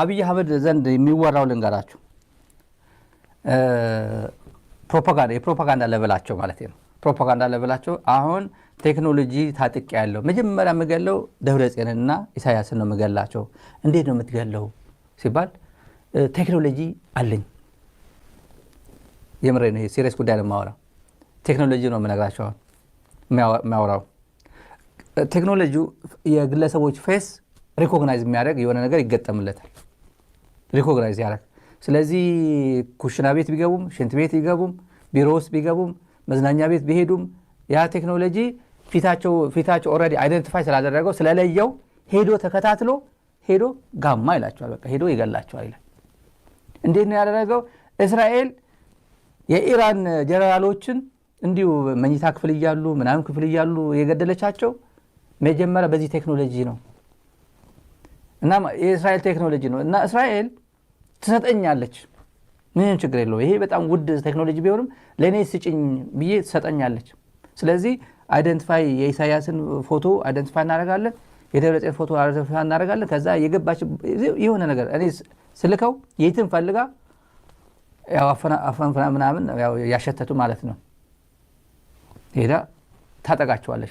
አብይ አህመድ ዘንድ የሚወራው ልንገራችሁ፣ ፕሮፓጋንዳ የፕሮፓጋንዳ ለበላቸው ማለት ነው። ፕሮፓጋንዳ ለበላቸው አሁን ቴክኖሎጂ ታጥቅ ያለው መጀመሪያ የምገለው ደብረጽዮንና ኢሳያስን ነው የምገላቸው። እንዴት ነው የምትገለው ሲባል ቴክኖሎጂ አለኝ። የምሬ ነው። ሲሪየስ ጉዳይ ነው የማወራው። ቴክኖሎጂ ነው የምነግራቸው የሚያወራው የግለሰቦች ፌስ ሪኮግናይዝ የሚያደርግ የሆነ ነገር ይገጠምለታል። ሪኮግናይዝ ያደረግ። ስለዚህ ኩሽና ቤት ቢገቡም፣ ሽንት ቤት ቢገቡም፣ ቢሮ ውስጥ ቢገቡም፣ መዝናኛ ቤት ቢሄዱም ያ ቴክኖሎጂ ፊታቸው ፊታቸው ኦልሬዲ አይደንቲፋይ ስላደረገው ስለለየው ሄዶ ተከታትሎ ሄዶ ጋማ ይላቸዋል። በቃ ሄዶ ይገላቸዋል ይላል። እንዴት ነው ያደረገው? እስራኤል የኢራን ጀነራሎችን እንዲሁ መኝታ ክፍል እያሉ ምናምን ክፍል እያሉ የገደለቻቸው መጀመሪያ በዚህ ቴክኖሎጂ ነው እና የእስራኤል ቴክኖሎጂ ነው እና እስራኤል ትሰጠኛለች። ምንም ችግር የለው። ይሄ በጣም ውድ ቴክኖሎጂ ቢሆንም ለእኔ ስጭኝ ብዬ ትሰጠኛለች። ስለዚህ አይደንቲፋይ የኢሳያስን ፎቶ አይደንቲፋይ እናደርጋለን፣ የደብረጽዮን ፎቶ አይደንቲፋይ እናደርጋለን። ከዛ የገባች የሆነ ነገር እኔ ስልከው የትን ፈልጋ ምናምን ያሸተቱ ማለት ነው ሄዳ ታጠቃቸዋለች።